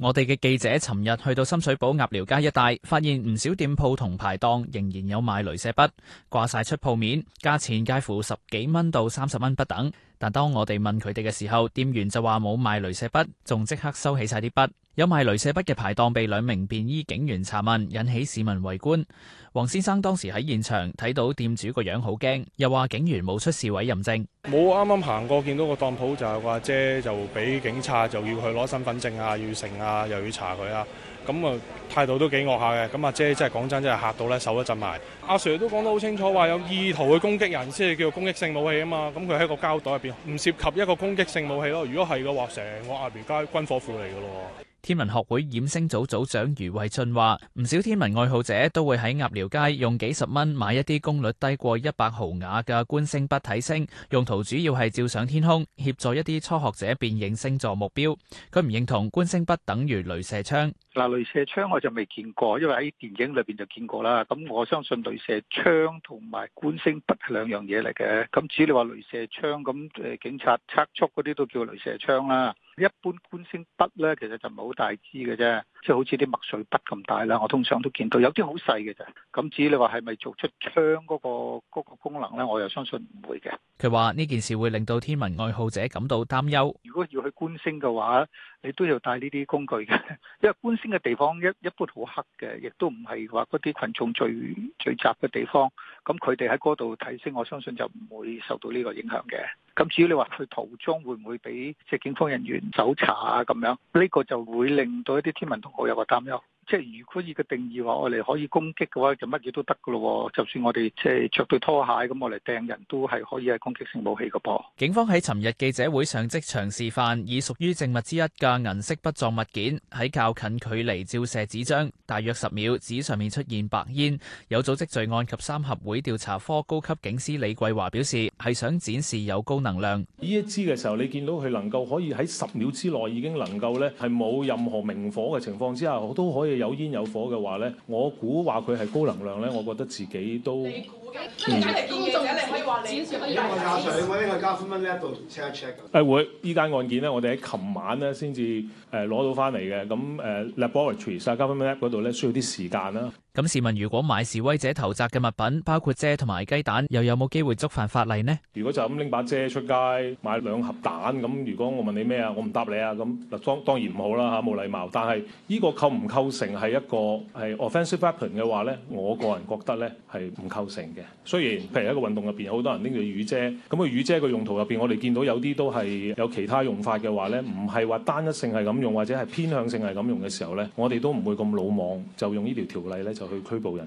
我哋嘅記者尋日去到深水埗鴨寮街一帶，發現唔少店鋪同排檔仍然有賣鐳射筆，掛晒出鋪面，價錢介乎十幾蚊到三十蚊不等。但當我哋問佢哋嘅時候，店員就話冇賣鐳射筆，仲即刻收起晒啲筆。有賣鐳射筆嘅排檔被兩名便衣警員查問，引起市民圍觀。黃先生當時喺現場睇到店主個樣好驚，又話警員冇出示委任證。冇啱啱行過，見到個當鋪就係話，姐就俾警察就要去攞身份證啊，要成啊，又要查佢啊。咁啊，態度都幾惡下嘅。咁、啊、阿姐真係講真，真係嚇到咧，手都震埋。阿、啊、Sir 都講得好清楚，話有意圖去攻擊人，即係叫做攻擊性武器啊嘛。咁佢喺個膠袋入邊，唔涉及一個攻擊性武器咯。如果係嘅話，成個鴨寮街軍火庫嚟噶咯。天文學會掩星組組長余慧俊話：唔少天文愛好者都會喺鴨寮街用幾十蚊買一啲功率低過一百毫瓦嘅觀星筆睇星，用途主要係照上天空，協助一啲初學者辨認星座目標。佢唔認同觀星筆等於鐳射槍。嗱，鐳射槍我就未見過，因為喺電影裏邊就見過啦。咁我相信鐳射槍同埋觀星筆係兩樣嘢嚟嘅。咁至於你話鐳射槍，咁誒警察測速嗰啲都叫鐳射槍啦。一般觀星筆咧，其實就唔係好大支嘅啫，即係好似啲墨水筆咁大啦。我通常都見到有啲好細嘅啫。咁至於你話係咪做出槍嗰個嗰個功能咧，我又相信唔會嘅。佢話呢件事會令到天文愛好者感到擔憂。如果要去觀星嘅話，你都要帶呢啲工具嘅，因為觀星嘅地方一一般好黑嘅，亦都唔係話嗰啲群眾聚聚集嘅地方。咁佢哋喺嗰度睇星，我相信就唔會受到呢個影響嘅。咁至於你話去途中會唔會俾即係警方人員搜查啊？咁樣呢個就會令到一啲天文同學有個擔憂。即係如果以個定義話，我哋可以攻擊嘅話，就乜嘢都得噶咯。就算我哋即係著對拖鞋咁，我嚟掟人都係可以係攻擊性武器㗎噃。警方喺尋日記者會上即場示範，以屬於證物之一嘅銀色不銹物件喺較近距離照射紙張，大約十秒，紙上面出現白煙。有組織罪案及三合會調查科高級警司李桂華表示，係想展示有高能量。呢一支嘅時候，你見到佢能夠可以喺十秒之內已經能夠呢，係冇任何明火嘅情況之下，我都可以。有煙有火嘅話咧，我估話佢係高能量咧，我覺得自己都。你估嘅？因為睇嚟見證嘅。檢察長，我呢個加 e check 一 check。誒會，依單案件咧，我哋喺琴晚咧先至誒攞到翻嚟嘅，咁誒 laboratories 啊，加分度咧需要啲時間啦。咁市民如果買示威者投擲嘅物品，包括遮同埋雞蛋，又有冇機會觸犯法例呢？如果就咁拎把遮出街買兩盒蛋，咁如果我問你咩啊，我唔答你啊，咁嗱當當然唔好啦吓，冇禮貌。但係呢個構唔構成係一個係 offensive weapon 嘅話咧，我個人覺得咧係唔構成嘅。雖然譬如一個運動入邊好多人拎住雨遮，咁個雨遮嘅用途入邊，我哋見到有啲都係有其他用法嘅話咧，唔係話單一性係咁用或者係偏向性係咁用嘅時候咧，我哋都唔會咁魯莽就用呢條條例咧就去拘捕人。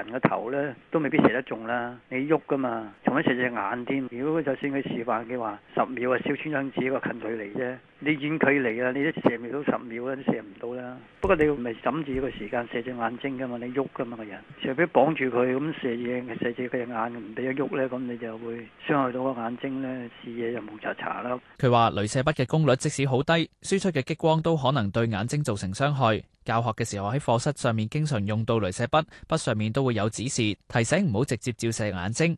人嘅頭咧都未必射得中啦，你喐噶嘛，仲一射隻眼添。如果佢就算佢示範，佢話十秒啊，燒穿張紙個近距離啫。你遠距離啊，你都射唔到十秒啦，射唔到啦。不過你唔係揼住個時間射隻眼睛噶嘛，你喐噶嘛個人。除非綁住佢咁射嘢，射隻佢隻眼唔俾佢喐咧，咁你就會傷害到個眼睛咧，視野又矇查查囉。佢話：鐳射筆嘅功率即使好低，輸出嘅激光都可能對眼睛造成傷害。教學嘅時候喺課室上面經常用到鐳射筆，筆上面都會有指示提醒唔好直接照射眼睛。